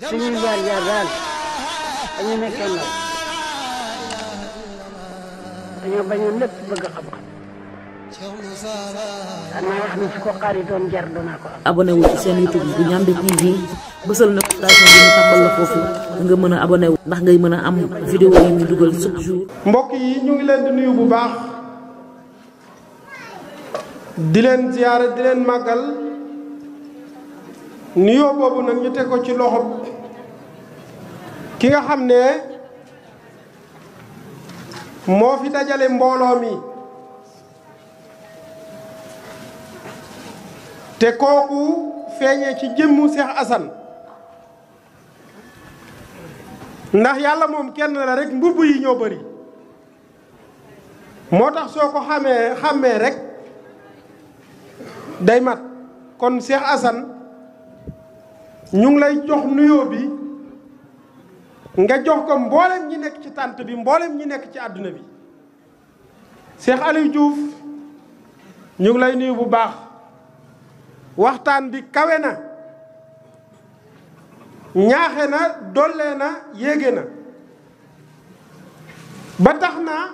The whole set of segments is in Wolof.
suñuy jaar jaar daal dañu nekkee ndaw dañoo bañoon lépp bëgg xam-xam xanaa wax ni su ko xaaritoon jar doonaa ko am. abonné seen YouTube bu Ndiamé TV bësal na ko station bi ñu tàmbal la foofu nga mën a abonné ndax ngay mën a am vidéo yi ñu dugal chaque jour. mbokk yi ñu ngi leen di nuyu bu baax di leen ziyaare di leen màggal. nuyoo boobu nag ñu teg ko ci loxo ki nga xam ne moo fi dajale mbooloo mi te kooku feeñee ci jëmmu Cheikh Assane ndax yàlla moom kenn la rek mbubb yi ñoo bari moo tax soo ko xamee xàmmee rek day mat kon seex Assane ñu ngi lay jox nuyoo bi nga jox ko mboolem ñi nekk ci tànt bi mbooleem ñi nekk ci àdduna bi Cheikh Aliou Diouf ñu ngi lay nuyu bu baax waxtaan bi kawe na ñaaxe na dollee na yéege na ba tax naa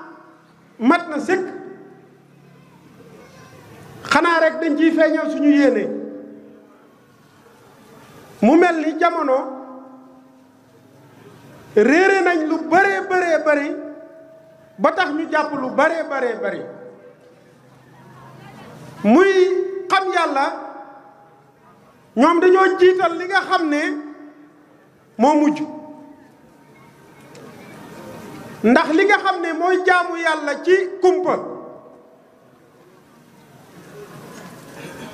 mat na sëkk xanaa rek dañ ciy feeñal suñu yéene mu mel ni jamono réere nañ lu bëree bëree bëri ba tax ñu jàpp lu bëree bëree bëri muy xam yàlla ñoom dañoo jiital li nga xam ne moo mujj ndax li nga xam ne mooy jaamu yàlla ci kumpa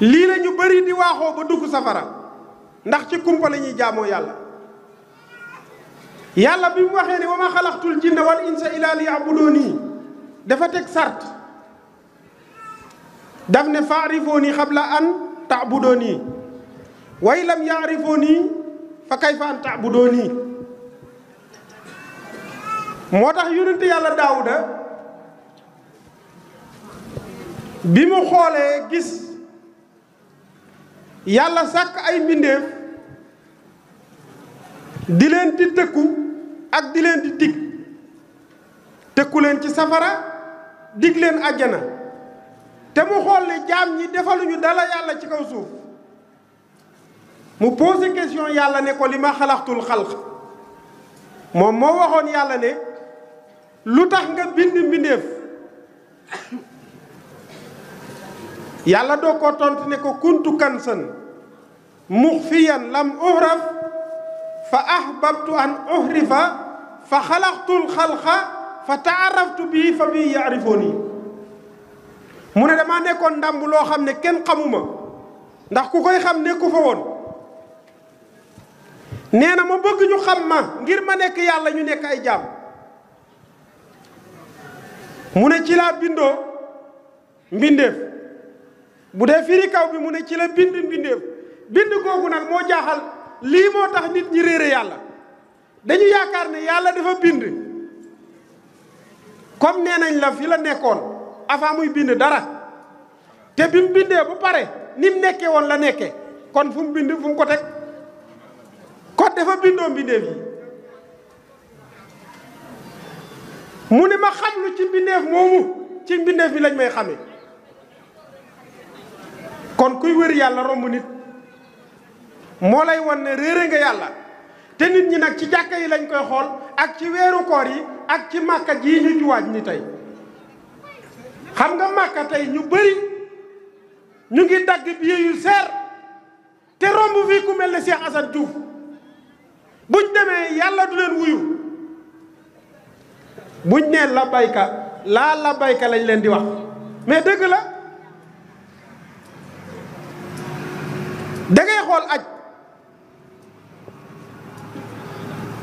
lii la ñu bëri di waaxoo ba dugg safara ndax ci kumpa la ñuy jaamoo yàlla yàlla bi mu waxee ne wa ma xalaxtul jinna wal insa illa liyabudooni dafa teg sart daf ne faarifooni xabla an taabudooni way lam yaarifooni fa kayfa an taabudooni moo tax yonente yàlla daawuda bi mu xoolee gis yàlla sàkk ay mbindeef dileen leen di tëkku ak di leen di dig tëkku leen ci safara dig leen àjjana te mu xool ne jaam ñi defaluñu dala yàlla ci kaw suuf mu posé yàlla ne ko li ma xalaxtul xalq moom moo waxoon yàlla ne lu tax nga bind mbindeef yàlla doo ko tontu ne ko kuntu kansan muxfiyan lam uhraf fa ahbabtu an uhrifa fa xalaxtul xalqa fa taaraftu bii fa bii yaarifooni mu ne damaa nekkoon ndàmb loo xam ne kenn xamuma ndax ku koy xam nekku fa woon nee na ma bëgg ñu xam ma ngir ma nekk yàlla ñu nekk ay jaam mu ne ci laa bindoo mbindeef bu dee firi kaw bi mu ne ci la bind mbindeef bind googu nag moo jaaxal lii moo tax nit ñi réere yàlla dañu yaakaar ne yàlla dafa bind kon nee nañ la fi la nekkoon avant muy bind dara te bi mu bindee bu pare ni mu nekkee woon la nekkee kon fu mu bind fu mu ko teg kon dafa bindoo mbindeef yi mu ne ma xam lu ci mbindeef moomu ci mbindeef bi lañ may xamee kon kuy wër yàlla romb nit moo lay wan ne réere nga yàlla te nit ñi nag ci jàkka yi lañ koy xool ak ci weeru koor yi ak ci màkka yi ñu juwaaj ni tey xam nga màkka tey ñu bëri ñu ngi dagg billet yu seer te romb fii ku mel ni Cheikh Assane Diouf buñ demee yàlla du leen wuyu buñ nee la bayka laa la bayka lañ leen di wax mais dëgg la da xool aj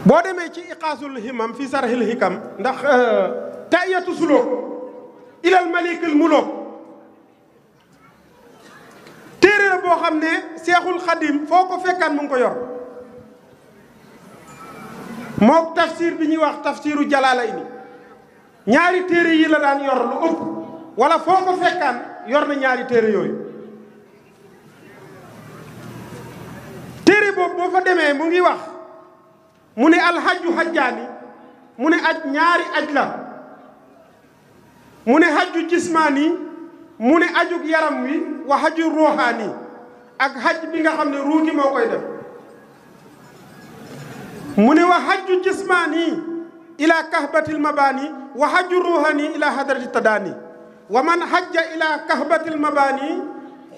boo demee ci iqaasul himam fi sarhil hikam ndax euh, taiyatu suloo ilal malikil muloo téere la boo xam ne seexul xadim foo ko fekkaan mu ngi ko yor mook tafsir bi ñuy wax tafsiru jalaalayni ñaari téere yii la daan yor lu ëpp wala foo ko fekkaan yor na ñaari téere yooyu téere boobu boo fa demee mu ngi wax mu ne alxajju xajjaani mu ne aj ñaari aj la mu ne xajju jismaani mu ne ajug yaram wi wa xajju ruuxaani ak xaj bi nga xam ne ruu koy def mu wa xajju jismaani ila kahbatil mabaani wa xajju ruuxaani ila hadrati tadaani wa man xajja ila kahbatil mabaani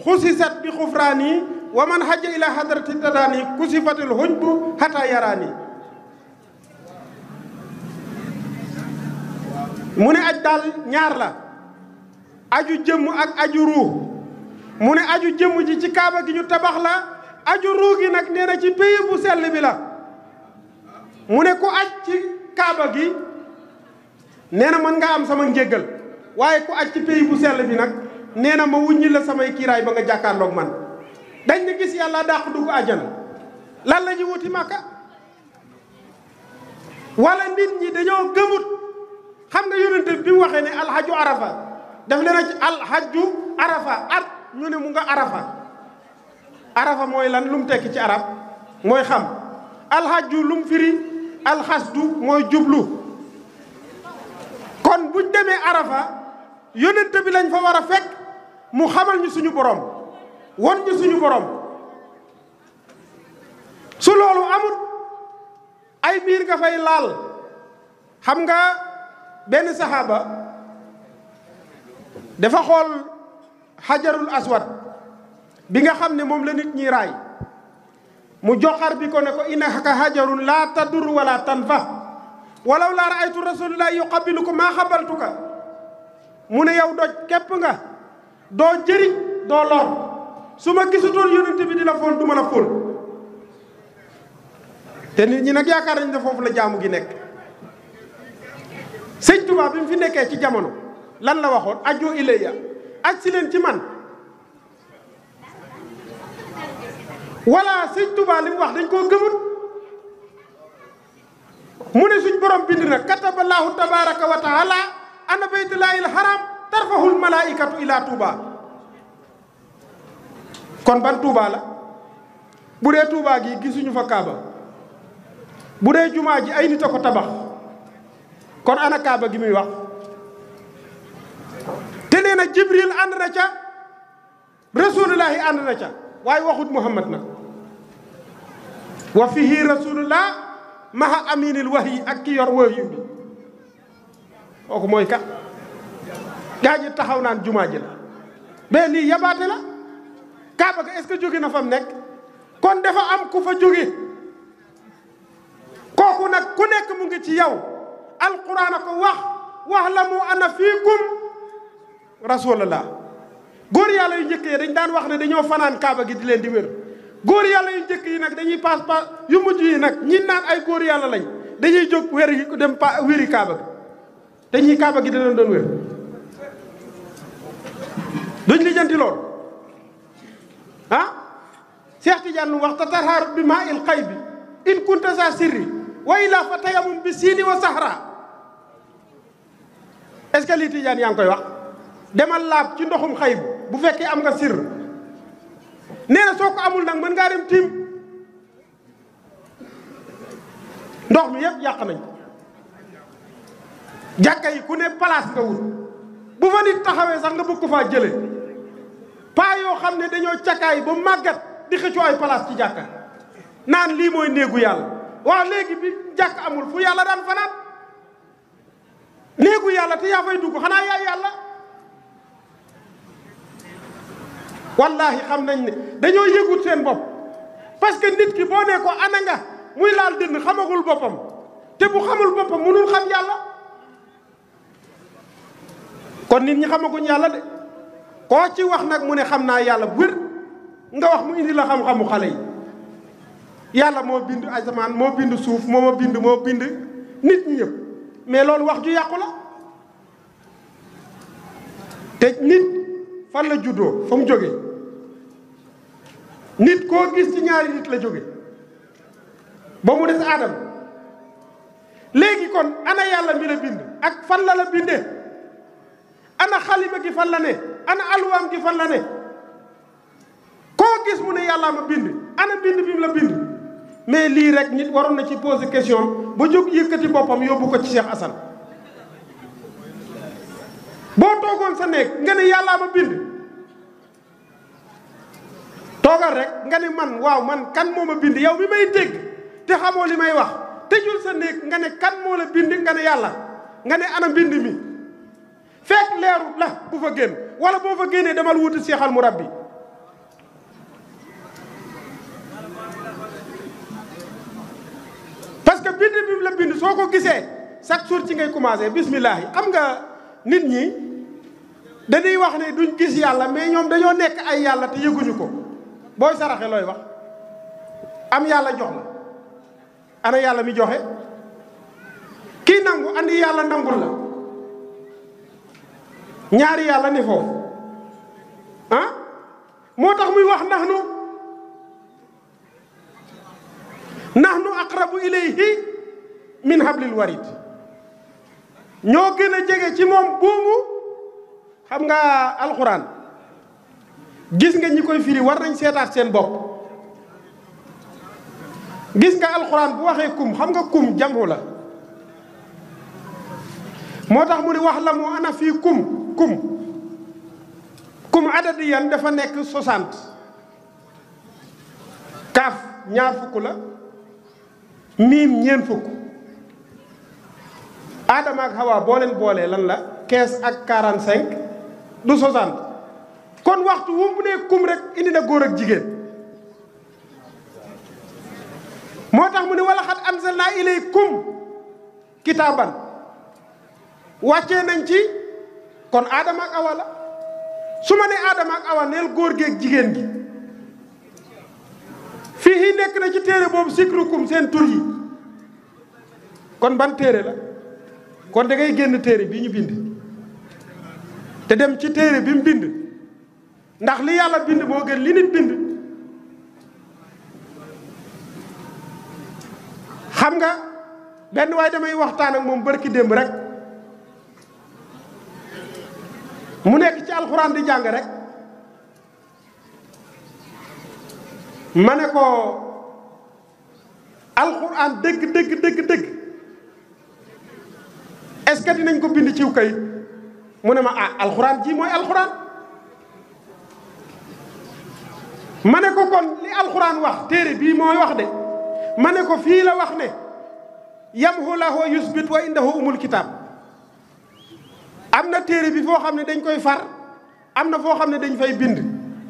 xusisat bi xufraani wa man xajja ila hadrati tadaani kusifatil xujbu mu ne aj daal ñaar la aju jëmm ak aju ruux mu ne aju jëmm ji ci kaaba gi ñu tabax la aju ruux gi nag nee na ci pays bu sell bi la mu ne ku aj ci kaaba gi nee na mën nga am sama njéggal waaye ku aj ci pays bu sell bi nag nee na ma wuññi la samay kiiraay ba nga jàkkaarloog man dañ ne gis yàlla dàq dugg àjjana lan la ñu wuti màkka wala nit ñi dañoo gëmut xam nga yonent bi mu waxee ne alxaju arafa daf leen a alxaju arafa at ñu ne mu nga arafa arafa mooy lan lu mu tekki ci arab mooy xam alxaju lu mu firi alxasdu mooy jublu kon buñ demee arafa yonent bi lañ fa war a fekk mu xamal ñu suñu borom won ñu suñu borom su loolu amul ay biir nga fay laal xam nga benn saxaaba dafa xool xajarul aswad bi nga xam ne moom la nit ñi raay mu joxar bi ko ne ko innaka xajarun laa tadur wala tanfa walaw laa raaytu rasulullah yuqabiluka maa ka mu ne yow doj képp nga doo jëriñ doo lor su ma gisutoon yonent bi di la foon du ma la fóon te nit ñi nag yaakaar nañ ne foofu la jaamu gi nekk sëñ Tuubaa bi mu fi nekkee ci jamono lan la waxoon aju ilayya aj si leen ci man walla sëñ Tuubaa mu wax dañ koo gëmul mu ne suñ borom bind na kataba laahu tabaraka wa taala ana baytullaahil haram tarfahul malaikatu ila Touba kon ban Touba bu dee Touba gi gisuñu fa Kaaba bu dee jumaa ji ay nit a ko tabax kon ana kaaba gi muy wax te nee na jibril ànd na ca rasulullahi ànd na ca waaye waxut muhammad na wa fihi rasulullah maha aminil wahyi ak ki yor wahyu bi kooku mooy kat ji taxaw naan jumaa ji la mais lii yabaate la kaaba ga est-ce na fam nekk kon dafa am ku fa jóge kooku nag ku nekk mu ngi ci yow alquran a ko wax waxlamu anna fiikum rasulallah góor yàlla yu njëkk yi dañ daan wax ne dañoo fanaan kaaba gi di leen di wér góor yàlla yu njëkk yi nag dañuy paas paas yu mujj yi nag ñi naan ay góor yàlla lañ dañuy jóg wér yi dem pa wéri kaaba gi dañuy kaaba gi dina doon wér duñ lijjanti lool ah Cheikh Tidiane lu wax tatarhar bi maa il xay bi in kunta sirri wa ilaa fa tayamum bi siini wa sahra est que lii tijaan yaa ngi koy wax demal laab ci ndoxum xay bu fekkee am nga sir nee na soo ko amul nag mën ngaa dem tiim ndox mi yëpp yàq nañ ko jàkka yi ku ne place nga wut bu fa nit taxawee sax nga bëgg faa jële paa yoo xam ne dañoo cakaay ba màggat di xëccoo ay place ci jàkka naan lii mooy néegu yàlla waaw léegi bi jàkk amul fu yàlla daan fanaan néegu yàlla te yaa fay dugg xanaa yaay yàlla wallahi xam nañ ne dañoo yëgut seen bopp parce que nit ki boo ne ko ana nga muy laal dënn xamagul boppam te bu xamul boppam mënul xam yàlla kon nit ñi xamaguñ yàlla de koo ci wax nag mu ne xam naa yàlla bu wér nga wax mu indi la xam-xamu xale yi yàlla moo bind asamaan moo bind suuf moo ma bind moo bind nit ñi ñëpp mais loolu wax ju yàqu la te nit fan la juddoo fa mu jóge nit koo gis ci ñaari nit la jóge ba mu des aadama léegi kon ana yàlla mi la bind ak fan la la bindee ana xalima gi fan la ne ana alwaam gi fan la ne koo gis mu ne yàllaa ma bind ana bind bi mu la bind mais lii rek nit waroon na ci poser question ba jóg yëkkati boppam yóbbu ko ci Cheikh Assane boo toogoon sa néeg nga ne yàllaa bind toogal rek nga ne man waaw man kan moo ma bind yow mi may dégg te xamoo li may wax tëjul sa néeg nga ne kan moo la bind nga ne yàlla nga ne ana mbind mi fekk leeru la bu fa génn wala boo fa génnee demal wuti seexal murabbi bind bi mu la bind soo ko gisee chaque jour ci ngay commencé bismillahi xam nga nit ñi dañuy wax ne duñ gis yàlla mais ñoom dañoo nekk ay yàlla te yëguñu ko booy saraxe looy wax am yàlla jox la ana yàlla mi joxe kii nangu andi yàlla nangul la ñaari yàlla ni foofu ah moo tax muy wax nax nu nahnu aqrabu ilayhi min hablil warid ñoo gën a jege ci moom buumu xam nga alxuraan gis nga ñi koy firi war nañ seetaat seen bopp gis nga alxuraan bu waxee kum xam nga kum jamxu la moo tax mu ne wax la mu ana fii kum kum kum adadiyan dafa nekk soixante kaaf ñaar la miim ñeent fukk aadama ak hawa boo leen boolee lan la 15 ak 45 du 60 kon waxtu wu mu ne kum rek indi na góor ak jigéen moo tax mu ne wala xat anzalna ilaykum kitaaban wàcce nañ ci kon aadama ak awa su ma ne aadama ak neel góor geek jigéen gi fii nekk na ci téere boobu sikrukum seen tur kon ban téere la kon da ngay génn téere bi ñu bind te dem ci téere bi mu bind ndax li yàlla bind moo gën li nit bind xam nga benn waaye damay waxtaan ak moom barki démb rek mu nekk ci alxuraan di jàng rek ma ne ko alxuraan dëgg dëgg dëgg dëgg est nañ ko bind ciw kay mu ne ma ah alxuraan ji mooy alxuraan ma ne ko kon li alxuraan wax téere bii mooy wax de ma ne ko fii la wax ne yamhu lahu wa yusbit wa indahu umul kitaab am na téere bi foo xam ne dañ koy far am na foo xam ne dañ fay bind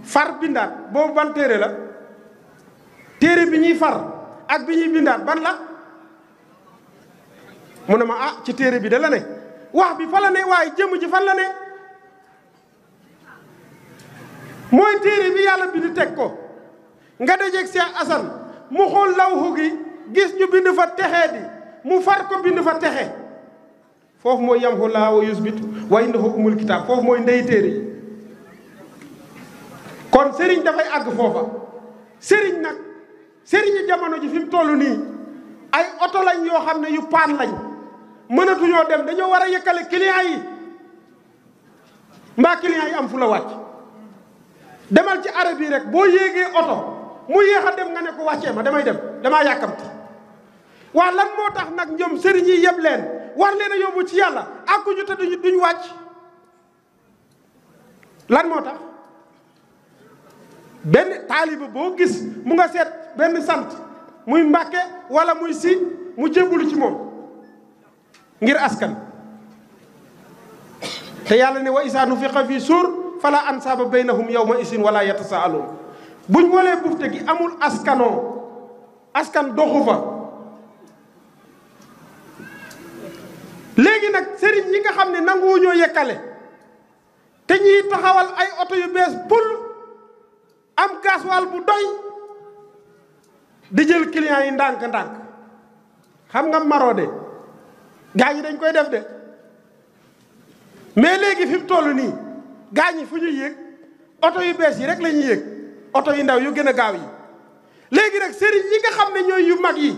far bindaat boobu ban téere la téere bi ñuy far ak bi ñuy bindaat ban la mu ne ma ah ci téere bi dala ne wax bi fala ne waaye jëmm ji fan la ne mooy téere bi yàlla bind teg ko nga dajeeg Cheikh Assane mu xool lawhu gi gis ñu bind fa texee di mu far ko bind fa texe foofu mooy yamhu laahu wa yusbitu wa indahu umul kitaab foofu mooy ndey téere yi kon sëriñ dafay àgg foofa sëriñ nag sëriñu jamono ji fi mu toll nii ay oto lañ yoo xam ne yu paan lañ mënatuñoo dem dañoo war a yëkkale client yi mbaa client yi am fu la wàcc demal ci arrêt bi rek boo yéegee oto mu yéex a dem nga ne ko wàccee ma damay dem damaa yàkkamti waa lan moo tax nag ñoom sëriñ yi yëpp leen war leen a ci yàlla ak ku ñu te duñu duñ wàcc lan moo tax benn taaliba boo gis mu nga seet benn sant muy mbàkke wala muy si mu jébbalu ci moom ngir askan te yàlla ne wa isaa nufiqa fii suur fala ansaaba yow yawma isin wala yatasaaluun buñ walee bufte gi amul askanoo askan doxu fa léegi nag sëriñ ñi nga xam ne nanguwuñoo yekkale te ñiy taxawal ay oto yu bees pul am gasoil bu doy di jël clients yi ndànk xam nga marode gaa ñi dañ koy def de mais léegi fi mu toll nii gaa ñi fu ñu yéeg oto yu bees yi rek lañu ñuy yéeg oto yu ndaw yu gën a gaaw yi léegi nag sëriñ yi nga xam ne ñooy yu mag yi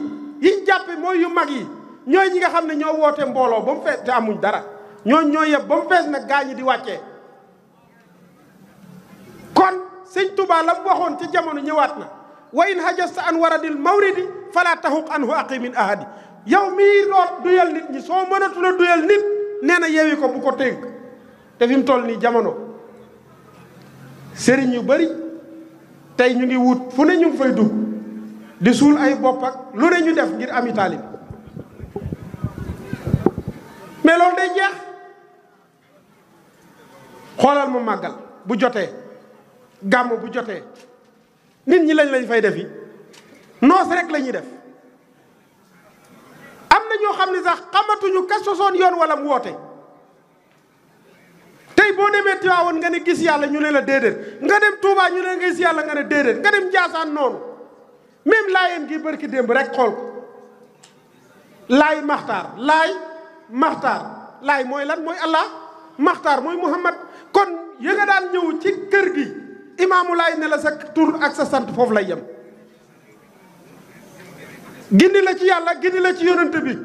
yiñ jàppe mooy yu mag yi ñooy ñi nga xam ne ñoo woote mbooloo ba mu fees te amuñ dara ñooñ ñoo yeb ba mu fees nag gaa ñi di wàcce kon sëñ Touba la mu waxoon ci jamono ñëwaat na wa in hajasta an waradil mawridi fala taxuq anhu aqimin ahadi yow mii loo duyal nit ñi soo mënatula duyal nit nee na yewi ko bu ko tënk te fi mu toll nii jamono sëriñ yu bari tey ñu ngi wut fu ne ñu fay dugg di suul ay bopp ak lu ne ñu def ngir ami taalib mais loolu day jeex xoolal mu màggal bu jotee gàmm bu jotee nit ñi lañ lañ fay def yi noos rek lañuy def am na ñoo xam ne sax xamatuñu ka sosoon yoon wala mu woote tey boo demee Tiwaawoon nga ne gis yàlla ñu ne la déedéet nga dem Touba ñu ne nga gis yàlla nga ne déedéet nga dem Njaasaan noonu même laayeen gi bërki démb rek xool ko laay maxtaar laay maxtaar laay mooy lan mooy Allah maxtaar mooy Muhammad kon yë daan ñëwuñ ci kër gi imaamu laay ne la sa tur ak sa sant foofu lay yem gindi la ci yàlla gindi la ci yonent bi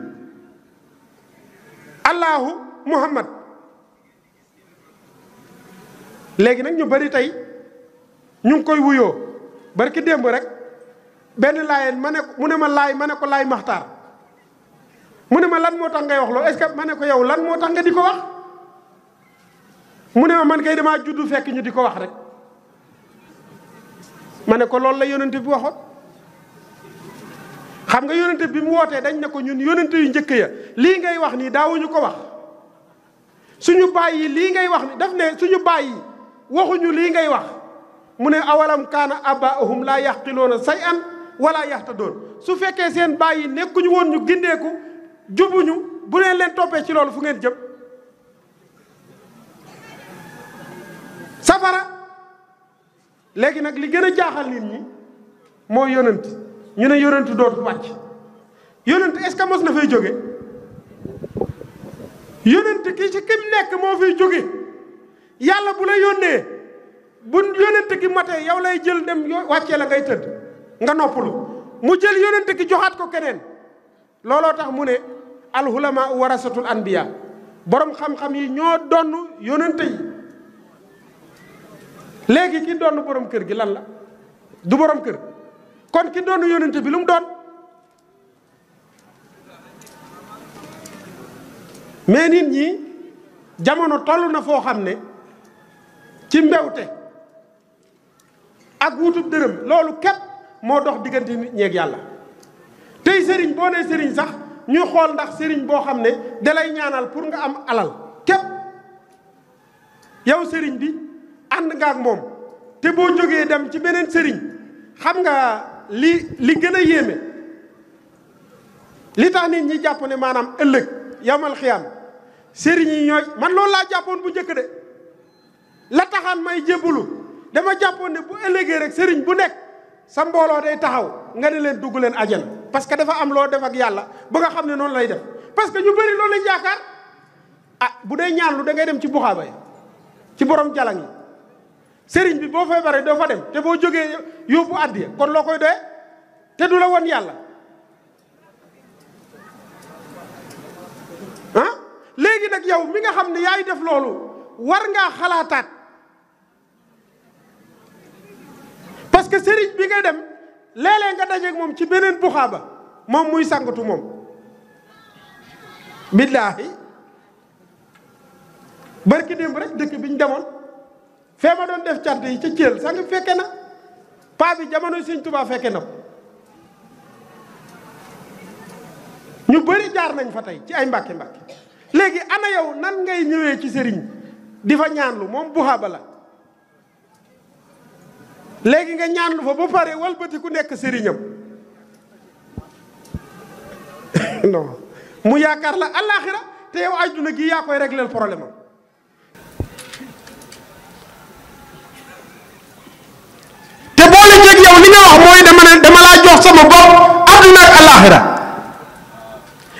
allahu muhammad léegi nag ñu bari tey ñu ngi koy wuyoo barki démb rek benn laayeen ma ne mu ne ma laay ma ne ko laay maxtaar mu ne ma lan moo tax ngay wax loo est-ce que ma ne ko yow lan moo tax nga di ko wax mu ne ma man kay damaa juddu fekk ñu di ko wax rek ma ne ko loolu la yonent bi waxoon xam nga yonent bi mu wootee dañ ne ko ñun yonent yu njëkk ya lii ngay wax nii daawuñu ko wax suñu baay yi lii ngay wax ni daf ne suñu baay yi waxuñu lii ngay wax mu ne awalam kaana abaahum laa yaqiloona say an wala doon su fekkee seen bàyyi nekkuñu woon ñu gindeeku jubuñu bu neen leen toppee ci loolu fu ngeen jëm safara léegi nag li gën a jaaxal nit ñi mooy yonent ñu ne yonent dootul wàcc yonent est-ce que mos jóge yonent ki ci kim nekk moo fiy jóge yàlla bu la yónnee bu yonent ki matee yow lay jël dem wàccee la ngay tëdd nga noppalu mu jël yonent ki joxaat ko keneen looloo tax mu ne alxulamaa warasatul anbiya borom xam-xam yi ñoo donn yonent léegi ki doon borom kër gi lan la du borom kër kon ki doon yonent bi lu mu doon mais nit ñi jamono toll na foo xam ne ci mbewte ak wutub dërëm loolu képp moo dox diggante nit ñeeg yàlla tey sëriñ boo nee sëriñ sax ñuy xool ndax sëriñ boo xam ne dalay ñaanal pour nga am alal képp yow sëriñ bi ànd nga ak moom te boo jógee dem ci beneen sëriñ xam nga li li gën a yéeme li tax nit ñi jàpp ne maanaam ëllëg yamal xiyaam sëriñ yi ñooy man loolu laa jàppoon bu njëkk de la taxaan may jébbalu dama jàppoon ne bu ëllëgee rek sëriñ bu nekk sa mbooloo day taxaw nga ne leen dugg leen ajal parce que dafa am loo def ak yàlla ba nga xam ne noonu lay def parce que ñu bari loolu lañ yaakaar ah bu dee ñaan lu da ngay dem ci buxaaba ci borom jalan sëriñ bi boo feebaree do fa dem te bo jógee yobu addi kon lokoy koy doyee te du la woon yàlla ah léegi yow mi nga xam ne yaay def lolu war nga xalaataat parce que sëriñ bi ngay dem léeg nga nga ak mom ci benen bukhaba mom muy sangatu mom billahi barki dem rek dëkk biñ demone fee ma doon def cant yi ca Thiel sang fekke na paa bi jamono Sëñ Tuubaa fekke na ko ñu bëri jaar nañ fa tey ci ay mbàkke mbàkke léegi ana yow nan ngay ñëwee ci sëriñ di fa ñaanlu moom buxaaba la léegi nga ñaanlu fa ba pare walbati ku nekk sëriñam non mu yaakaar la àllaaxira te yow àdduna gi yaa koy régleel problème wéeteeg yow li nga wax mooy dama ne dama laa jox sama bopp àdduna ak àllaaxira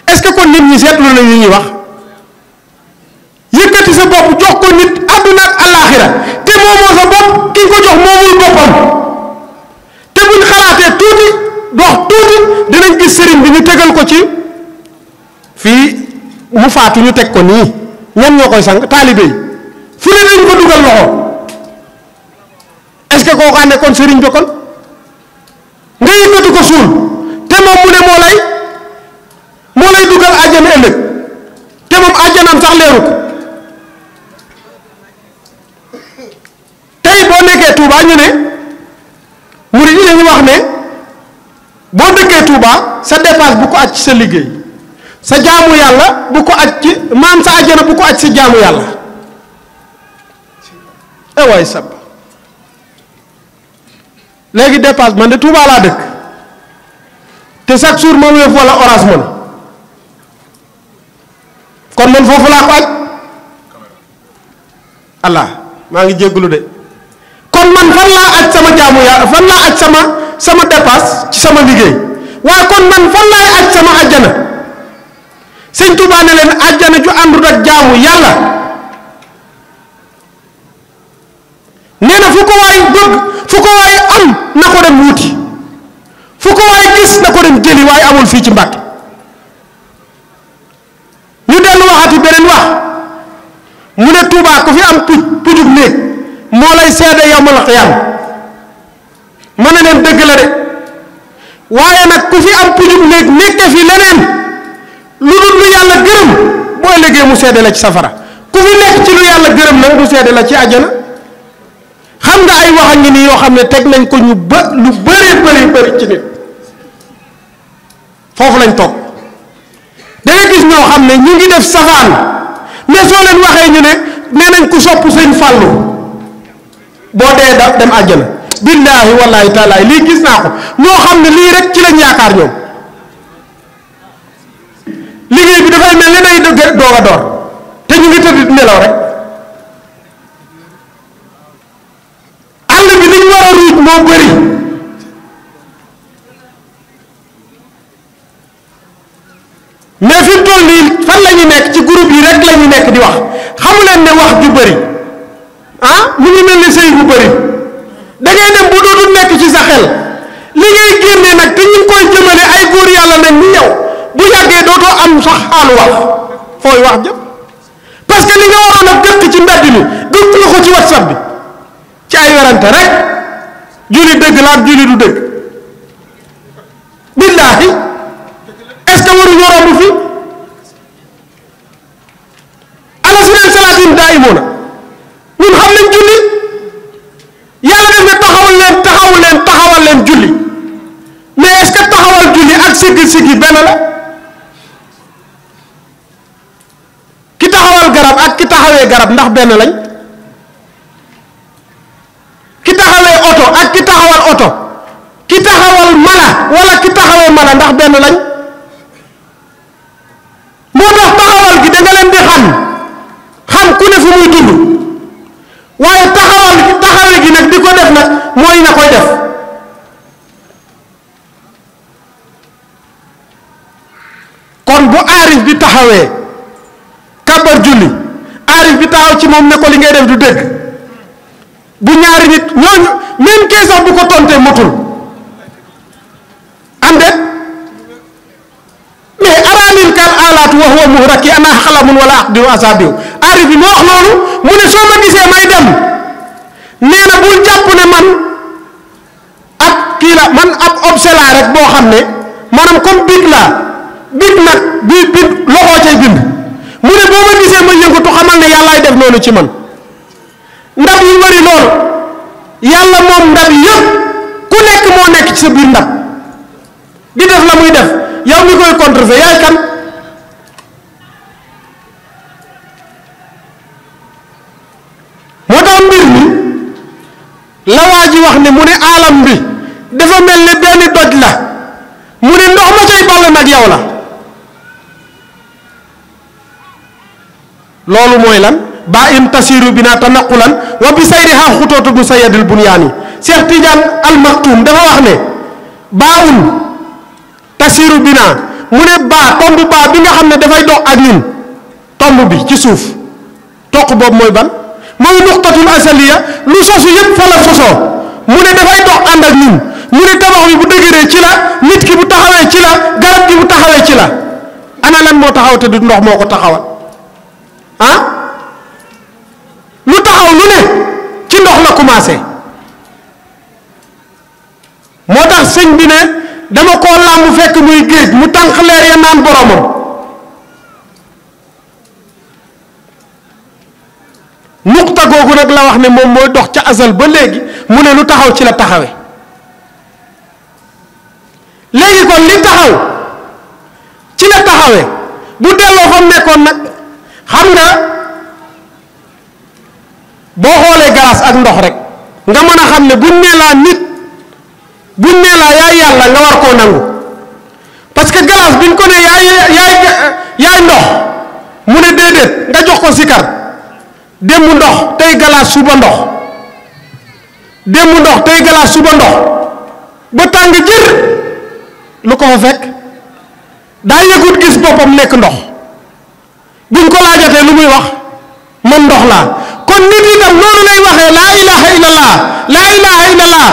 est-ce que kon nit ñi seetlu na ñu ñuy wax yëkkati sa bopp jox ko nit àdduna ak àllaaxira te moomoo sa bopp ki ko jox moomul boppam te buñ xalaatee tuuti dox tuuti dinañ gis sëriñ bi ñu tegal ko ci fii mu faatu ñu teg ko nii ñan ñoo koy sang taalibe fu ne dañ ko dugal loxo est-ce que kooku kon sëriñ bi kon nga yëkkati ko suul te moom mu ne moo lay moo lay dugal àjjana ëllëg te moom àjjanam sax leeru ko tey boo nekkee Touba ñu ne murid yi dañu wax ne boo dëkkee Touba sa dépense bu ko aj ci sa liggéey sa jaamu yàlla bu ko aj ci maam sa àjjana bu ko aj ci jaamu yàlla ewaay eh sab léegi dépasse man de Touba laa dëkk te chaque jour ma wéef wala orange man kon man foofu laa ko aj allah maa ngi jégglu de kon man fan laa aj sama jaamu yaa fan laa aj sama sama dépasse ci sama liggéey waaye kon man fan laay aj sama ajjana sëñ Touba ne leen ajjana ju àndut ak jaamu yàlla nee na fu ko waay bëgg fu ko waay am na ko dem wuti fu ko waaye gis na ko dem jëli waaye amul fii ci Mbàkke ñu dellu waxati beneen wax mu ne Tuubaa ku fi am puj pujub néeg moo lay sedd yawmal qiyaam mën na leen dëgg la de waaye nag ku fi am pujub néeg nekke fi leneen lu dul lu yàlla gërëm boo ëllëgee mu sedd la ci safara ku fi nekk ci lu yàlla gërëm nag du seede la ci àjjana xam nga ay wax a ngi ni yoo xam ne teg nañ ko ñu ba lu bëree bëri bëri ci nit foofu lañ toog da nga gis ñoo xam ne ñu ngi def safaan mais soo leen waxee ñu ne nee nañ ku sopp sëñ fàllu boo dee da dem àjjana billaahi wallaahi taalaay lii gis naa ko ñoo xam ne lii rek ci lañ yaakaar ñoom liggéey bi dafay mel ne day doog a te ñu ngi tëdd nelaw rek moo bëri mais fi mu toll nii fan lañu ñu nekk ci groupe yi rek la ñu nekk di wax xamu leen ne wax ju bëri ah mu ngi mel ni sëy bu bëri da ngay dem bu dootul nekk ci sa xel li ngay génnee nag te ñu ngi koy jëmale ay góor yàlla nag ni yow bu yàggee dootoo am sax xaalu wax fooy wax jëpp parce que li nga waroon a gëkk ci mbedd mi gëkk nga ko ci whatsapp bi ci ay werante rek. julli dëgg la ak julli du dëgg billaahi est-ce que waruñu fi alasmin salaatin daayimoona ñun xam nañ julli yàlla def na taxawal leen taxawal leen julli mais est taxawal julli ak siggi siggi benn la ki taxawal garab ak ki taxawee garab ndax benn lañ nii koy def kon bu arif bi taxawé kabar julli arif bi taxaw ci mom ne ko li ngay def du deug bu ñaari nit ñoo même kee sax bu ko tonté motul ande mais aramin kal alat wa huwa muhraki ana xalamun wala aqdiru asabiw arif bi mo wax lolu mu ne ma gisé may dem bul ne man kii la man ab objet laa rek boo xam ne maanaam comme big laa big nag bii big loxoo cay bind mu ne boo ma gisee ma yëngatu xamal ne yàllaay def noonu ci man ndab yu bari lool yàlla moom ndab yëpp ku nekk moo nekk ci sa biir ndab di def la muy def yow mi koy contrefe yaay kan moo tax mbir mi la waa ji wax ne mu ne alam bi dafa mel ni benn doj la mu ne ndox ma cay ball nag yow la loolu mooy lan ba in tasiru bi naa tanaqulan wa bi sayriha xutóotu bu sayadil bunyaani Cheikh Tidiane Al Maktoum dafa wax ne baa un tasiru bi mu ne baa tomb baa bi nga xam ne dafay dox ak ñun tomb bi ci suuf toq boobu mooy ban mooy nuqtatul asaliya lu sosu yépp fa la sosoo mu ne dafay dox ànd ak ñun mu ne tabax bi bu dëgëree ci la nit ki bu taxawee ci la garab gi bu taxawee ci la ana moo taxaw te du ndox moo ko taxawal ah lu taxaw lu ne ci ndox la commencé moo tax sëñ bi ne dama koo làmb fekk muy géej mu tànq leer ya naan boromam nuqta googu nag la wax ne moom mooy dox ca asal ba léegi mu ne lu taxaw ci la taxawe léegi ko li taxaw ci la taxawee bu delloo xam nekkoon nag xam nga boo xoolee galaas ak ndox rek nga mën a xam ne buñ nee nit buñ nee laa yaay yàlla nga war koo nangu parce que galaas biñ ko ne yaay yaay ndox mu ne déedéet nga jox ko sikar démb ndox tey galaas suba ndox démb ndox tey galaas suba ndox ba tàng jër lu ko fa fekk daa yëgut gis boppam nekk ndox buñ ko laajatee lu muy wax man ndox laa kon nit yi tam noonu lay waxee laa ilaha illallah laa ilaha illallah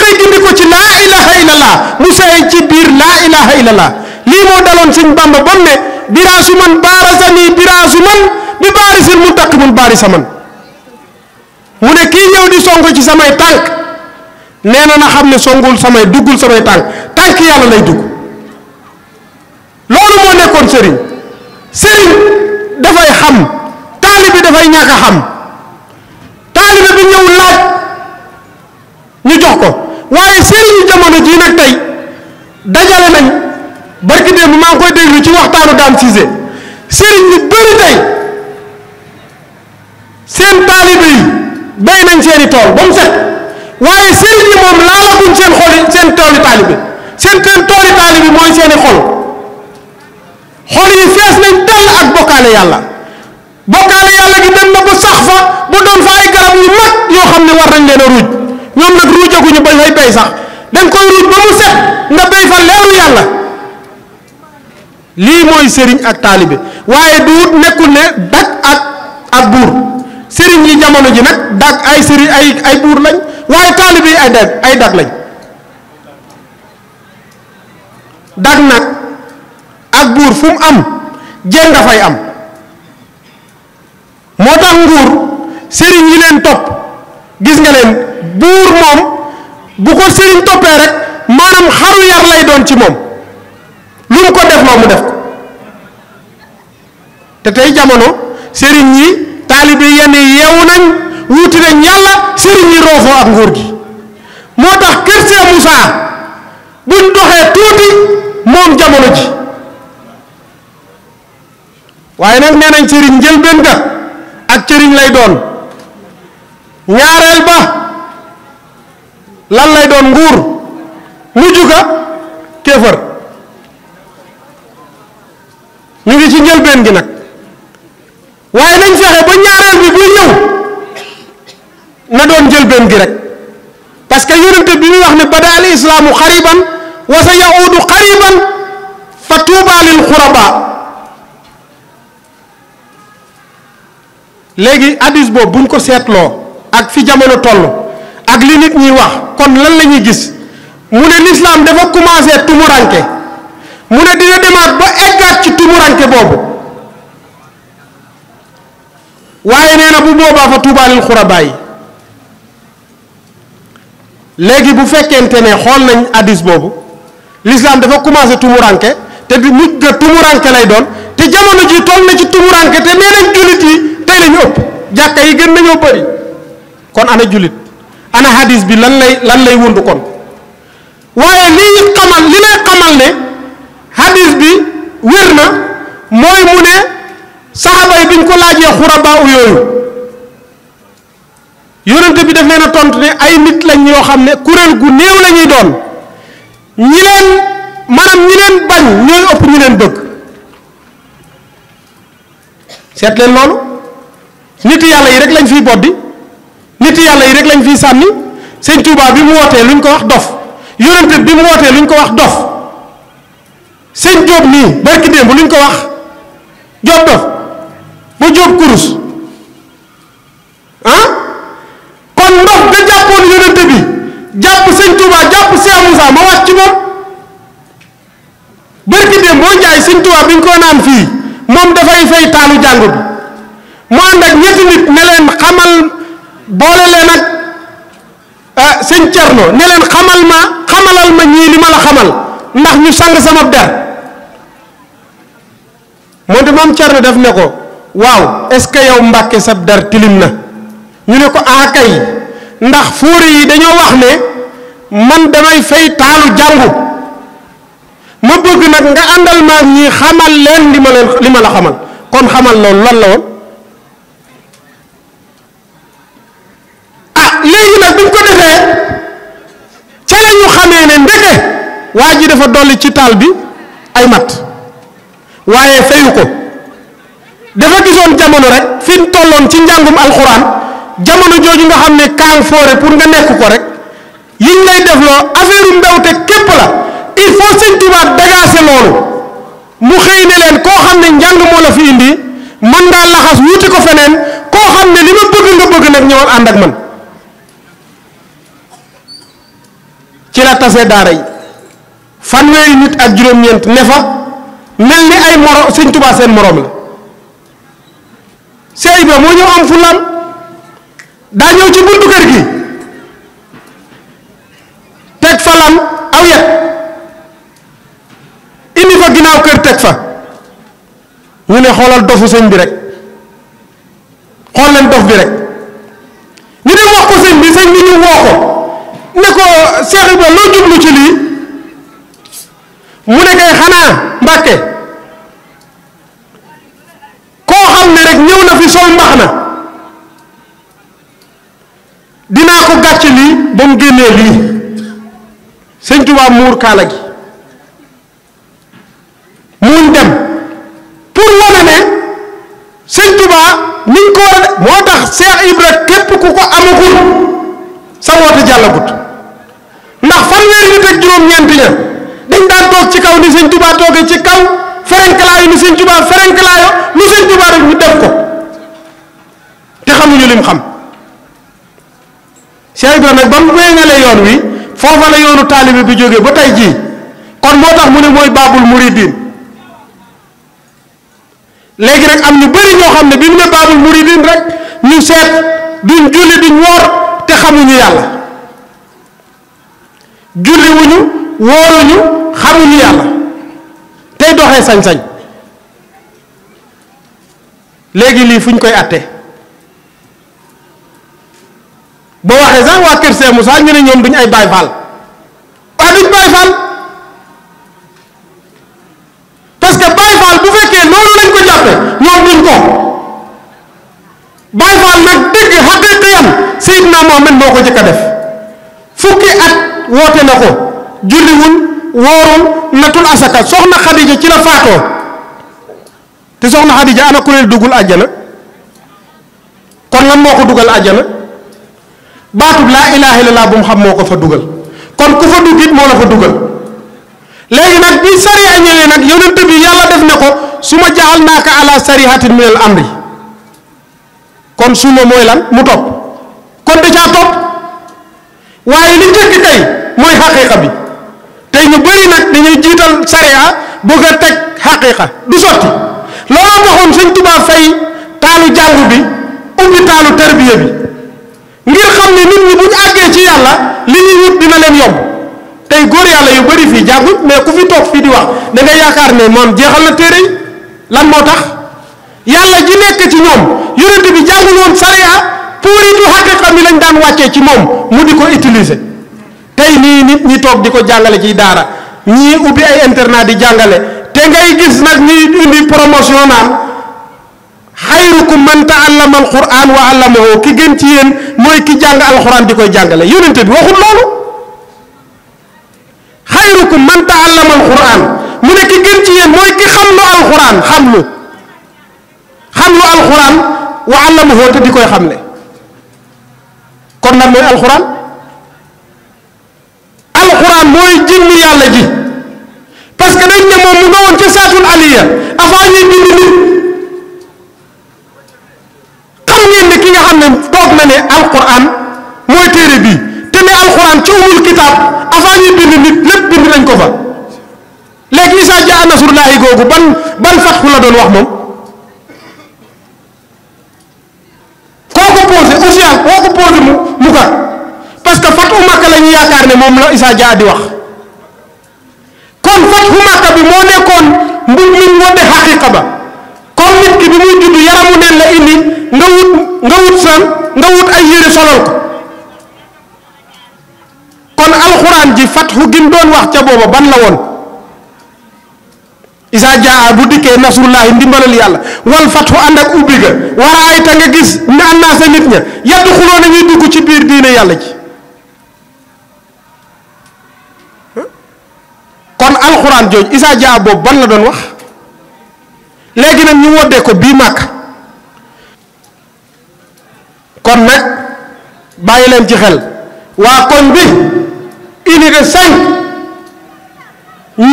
xëy gindi ko ci laa ilaha illallah mu seey ci biir laa ilaha illallah lii moo daloon sëñ Bamba bam ne biraasu man baarasani biraasu man bi baarisil mu takk baarisa man mu ne kii ñëw di sonko ci samay tànk nee na na xam ne songul samay duggul samay tànk tànk yàlla lay dugg loolu moo nekkoon sëriñ sëriñ dafay xam taalibi dafay ñàkk a xam taalibi bi ñëw laaj ñu jox ko waaye sëriñu jamono ji nag tey dajale nañ barki démb maa koy déglu ci waxtaanu daan Cissé sëriñ ñu bëri tey seen taalibi bay nañ seeni tool ba mu set waaye moom laalaguñ seen xol seen tooli taalibe seen seen tooli taalibe mooy seeni xol xol yi fees nañ dell ak bokkaale yàlla bokkaale yàlla gi dem na bu sax fa bu doon fa ay garab yu mag yoo xam ne war nañ leen a ruuj ñoom nag ruujaguñu ba fay bay sax dañ koy ruuj ba mu set nga bay fa leeru yàlla lii mooy sëriñ ak taalibe waaye du nekkul ne dak ak ak buur sëriñ yi jamono ji nag dak ay sëriñ ay buur lañ waaye taalibe yi ay dag ay dag lañ dag nag ak buur fu mu am jéem dafay am moo tax nguur sëriñ yi leen topp gis nga leen buur moom bu ko sëriñ toppee rek maanaam xaru yar lay doon ci moom lu mu ko def loo mu def ko te tey jamono sëriñ yi taalibe yenn yeewu nañ wuuti nañ yàlla sëriñ yi roofoo ak nguur gi moo tax kër Cheikh Moussa buñ doxee tuuti moom jamono ji waaye nag nee nañ sëriñ njëlbéen ga ak sëriñ lay doon ñaareel ba lan lay doon nguur mujj ga kéefër ñu ngi ci njëlbéen gi nag waaye nañ fexe ba ñaareel bi buy ñëw na doon njëlbeen gi rek parce que yonente bi ñuy wax ne badaal islaamu xariban wa sa yaudu xariban fa tuubaa lil léegi hadis boobu buñ ko seetloo ak fi jamono toll ak li nit ñi wax kon lan la ñuy gis mu ne lislaam dafa commencé tumuranke mu ne dina demaat ba eggaat ci tumuranke boobu waaye nee na bu boobaa fa tuubaa lil xuraba yi léegi bu fekkente ne xool nañ hadis boobu l'islam dafa commencé tumuranke te du nit ga tumuranke lay doon te jamono ji toll na ci tumuranke te nee nañ jullit yi tey lañu ëpp jàkka yi gën nañoo bëri kon ana jullit ana hadis bi lan lay lan lay wundu kon waaye lii xamal li lay xamal ne hadis bi wér na mooy mu ne saxaba yi biñ ko laajee xurabaa yooyu yonent bi daf leen a tontu ne ay nit lañ yoo xam ne kuréel gu néew lañuy doon ñi leen maanaam ñi leen bañ ñooy ëpp ñi leen bëgg seet leen loolu nit yàlla yi rek lañ fiy boddi nit yàlla yi rek lañ fiy sànni sëñ Tuubaa bi mu wootee luñ ko wax dof yonent bi mu wootee luñ ko wax dof sëñ Jóob nii barki démb luñ ko wax Jóob dof bu Jóob kurus jàpp Cheikh Moussa ma wàcc ci moom bërki dem njaay sëñ Tuubaa bi ñu ko naan fii moom dafay fay taalu jàng bi mu ànd ak ñetti nit ne leen xamal boole leen ak eh, sëñ Cerno ne leen xamal ma xamalal ma ñii li ma la xamal ndax ñu sang sama der moo te moom Cerno daf ne ko waaw est-ce que yow Mbàkke sab der tilim na ñu ne ko aakay ah, ndax fóore yi dañoo wax ne man damay fay taalu jàngu ma bëgg nag nga àndal maag ñii xamal leen li ma leen la xamal kon xamal loolu lan la woon ah léegi nag buñ ko defee ca la xamee ne ndeke waa ji dafa dolli ci taal bi ay mat waaye fayu ko dafa gisoon jamono rek fi tolloon ci njàngum alxuraan jamono jooju nga xam ne kaang foore pour nga nekk ko rek yiñ lay def loo affaire mbewte képp la il faut sëñ Tuubaa dégager loolu mu xëy ne leen koo xam ne njàng moo la fi indi mën ngaa laxas wuti ko feneen koo xam ne li ma bëgg nga bëgg nag ñëwal ànd ak man ci la tase daara yi fanweeri nit ak juróom-ñeent ne fa mel ni ay moro sëñ Tuubaa seen moroom la Seex Ibra moo ñëw am fulam daa ñëw ci buntu kër gi fa lan aw yet indi fa ginnaaw kër teg fa ñu ne xoolal dofu sëñ bi rek xool leen dof bi rek ñu dem wax ko sëñ bi sëñ bi ñu woo ko ne ko Cheikh Ibra loo jublu ci lii mu ne kay xanaa mbàkke koo xam ne rek ñëw na fi sol mbax na dinaa ko gàcc lii ba mu génnee lii Touba muur kaala gi mun dem pour wane ne sëñ Touba ni ko a moo tax Cheikh Ibra képp ku ko amagul sa woote jàllagut ndax fanweeri nit ak juróom-ñeenti ña dañ daan toog ci kaw ni sëñ Touba toogee ci kaw ferenkalaayu ni sëñ Touba ferenkalaayo lu sëñ Touba rek ñu def ko te xamuñu lim xam Cheikh Ibra nag ba mu wéyalee yoon wi. foofa la yoonu taalibe bi jóge ba tey jii kon moo tax mu ne mooy baabul muridin léegi rek am ñu bari ñoo xam ne bi mu ne baabul muridin rek ñu seet duñ julli duñ woor te xamuñu yàlla julliwuñu wóoruñu xamuñu yàlla tey doxee sañ-sañ léegi lii fu ñu koy atte boo waxee sax waa Kër Cheikh Moussa ñu ne ñoom duñ ay Baye Fall waaye duñ Baye Fall parce que Baye Fall bu fekkee loolu lañ ko jàppe ñoom duñ ko Baye Fall nag dëgg xaqiqiyam Seydina Mohamed moo ko jëkk a def fukki at woote na ko julliwul woorul natul asaka soxna Xadija ci la faatoo te soxna Xadija ana ku leen duggul àjjana kon lan moo ko dugal àjjana baatub laa ilaaha illallaah bu mu xam moo ko fa dugal kon ku fa dugg moo la fa dugal léegi nag bi sariya ñëwee nag yonent bi yàlla def ne ko su ma jaxal naa ko ala sarihatin min al amri kon suma mooy lan mu topp kon da caa topp waaye li njëkk tey mooy xaqiiqa bi tey ñu bëri nag dañuy jiital sariya bëgg a teg xaqiiqa du sotti looloo taxoon Sëñ Tuubaa fay taalu jàngu bi ubbi taalu tarbiya bi ngir xam ne nit ñi bu àggee ci yàlla li ñuy wut dina leen yomb tey góor yàlla yu bëri fii jàngut mais ku fi toog fii di wax da nga yaakaar ne moom jeexal na téere yi lan moo tax yàlla ji nekk ci ñoom yonent bi jàngul woon sariya puuritu xaqiqa mi lañ daan wàccee ci moom mu di ko utiliser tey nii nit ñi toog di ko jàngale ci daara ñii ubbi ay internat di jàngale te ngay gis nag ñuy indi promotion naan xayrukum man taallama alquran wa allamahu ki mooy ki jàng alquran di koy jàngale yónnente koy xamle kon lan yàlla ji parce que dañ ne moom mu nga woon aliya avant ñuy bind nit ne toog na ne alquran mooy téere bii te ne alquran ci umul kitaab avant ñuy bind nit lépp bind nañ ko fa léegi isa jaa nasrullaahi googu ban ban fatxu la doon wax moom koo ko posé officiel ah, koo ko posé mu mu kar parce que fatxu màkka la yaakaar ne moom la isa jaa di wax kon fatxu màkka bi moo nekkoon mbir mi moo de xaqiqa ba comme nit ki bi muy judd yaramu neen la indi nga wut nga wut san nga wut ay yére solal ko kon alxuraan ji fatxu gin doon wax ca booba ban la woon isa jaa bu dikkee nasrullahi ndimbalal yàlla wal fatxu ànd ak ubbi ga war a ay ta nga gis ne annaasa nit ña yaddu xuloo nañuy dugg ci biir diine yàlla ji kon alxuraan jooj isa jaa boobu ban la doon wax léegi nag ñu woddee ko bii màkk kon nag bàyyi leen ci xel waa koñ bi unité 5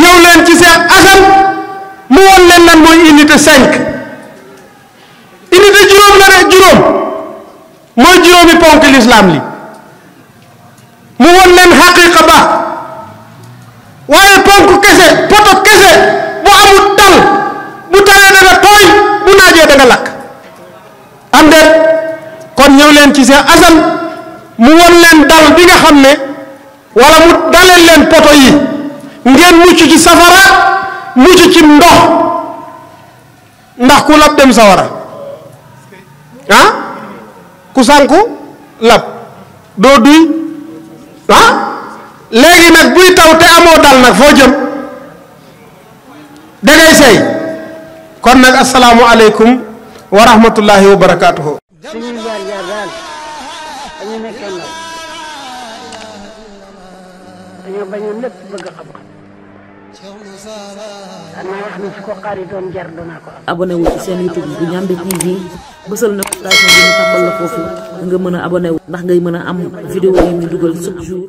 ñëw leen ci Cheikh Assane mu won leen lan mooy unité 5 unité juróom la rek juróom mooy juróomi ponk lislaam li mu won leen xaqiqa ba waaye ponk kese poto kese bu amul tal bu talee danga tooy bu naajee danga lakk leen ci seen asal mu won leen dal bi nga xam ne wala mu daleel leen poto yi ngeen mucc ci safara mucc ci ndox ndax ku lab dem sawara ku sànku lab doo léegi nag buy taw te amoo dal nag foo jëm dangay sey kon nag asalaamualeykum wa rahmatullahi wa barakaatuhu suñuy jaar jaar daal dañu nekkee ndaw dañoo bañoon lépp bëgg xam-xam daanaa wax ne su ko xaari doon jar danaa ko am. abonné seen YouTube bu Ndiamé TV bësal notification bi ñu tàmbal foofu nga mën a abonné wu. ndax ngay mën a am vidéo yi ñu dugal chaque